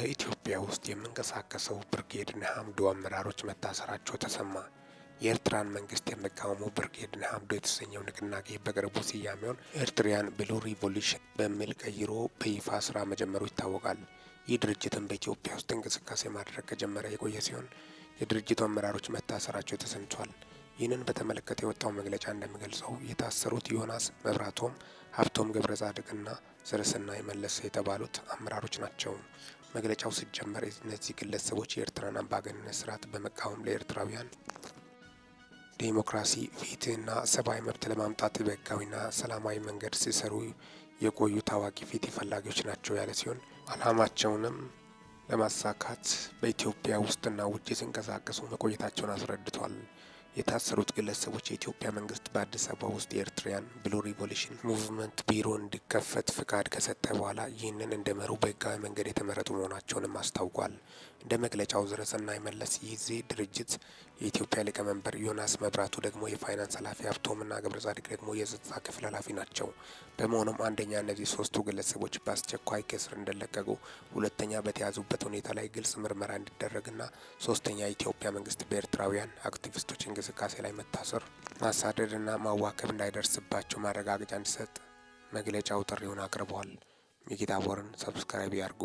በኢትዮጵያ ውስጥ የምንቀሳቀሰው ብርጌድ ንሓመዱ አመራሮች መታሰራቸው ተሰማ። የኤርትራን መንግስት የሚቃወሙ ብርጌድ ንሓመዱ የተሰኘው ንቅናቄ በቅርቡ ስያሜውን ኤርትሪያን ብሉ ሪቮሉሽን በሚል ቀይሮ በይፋ ስራ መጀመሩ ይታወቃል። ይህ ድርጅትም በኢትዮጵያ ውስጥ እንቅስቃሴ ማድረግ ከጀመረ የቆየ ሲሆን የድርጅቱ አመራሮች መታሰራቸው ተሰምቷል። ይህንን በተመለከተ የወጣው መግለጫ እንደሚገልጸው የታሰሩት ዮናስ መብራቶም፣ ሀብቶም ገብረ ጻድቅና ስርስና የመለሰ የተባሉት አመራሮች ናቸው። መግለጫው ሲጀመር እነዚህ ግለሰቦች የኤርትራን አምባገነን ስርዓት በመቃወም ለኤርትራውያን ዴሞክራሲ፣ ፍትህና ሰብአዊ መብት ለማምጣት በህጋዊና ሰላማዊ መንገድ ሲሰሩ የቆዩ ታዋቂ ፍትህ ፈላጊዎች ናቸው ያለ ሲሆን አላማቸውንም ለማሳካት በኢትዮጵያ ውስጥና ውጭ ሲንቀሳቀሱ መቆየታቸውን አስረድቷል። የታሰሩት ግለሰቦች የኢትዮጵያ መንግስት በአዲስ አበባ ውስጥ የኤርትራያን ብሉ ሪቮሉሽን ሙቭመንት ቢሮ እንዲከፈት ፍቃድ ከሰጠ በኋላ ይህንን እንደመሩ በህጋዊ መንገድ የተመረጡ መሆናቸውንም አስታውቋል። እንደ መግለጫው ዝረሰና የመለስ ይዜ ድርጅት የኢትዮጵያ ሊቀመንበር ዮናስ መብራቱ ደግሞ የፋይናንስ ኃላፊ፣ ሀብቶምና ጻድቅ ደግሞ የጸጥታ ክፍል ኃላፊ ናቸው። በመሆኑም አንደኛ እነዚህ ሶስቱ ግለሰቦች በአስቸኳይ ከእስር እንደለቀቁ፣ ሁለተኛ በተያዙበት ሁኔታ ላይ ግልጽ ምርመራ እንዲደረግና ሶስተኛ የኢትዮጵያ መንግስት በኤርትራውያን አክቲቪስቶች እንቅስቃሴ እንቅስቃሴ ላይ መታሰር፣ ማሳደድና ማዋከብ እንዳይደርስባቸው ማረጋገጫ እንዲሰጥ መግለጫው ጥሪውን አቅርበዋል። ቦርን ሰብስክራይብ ያርጉ።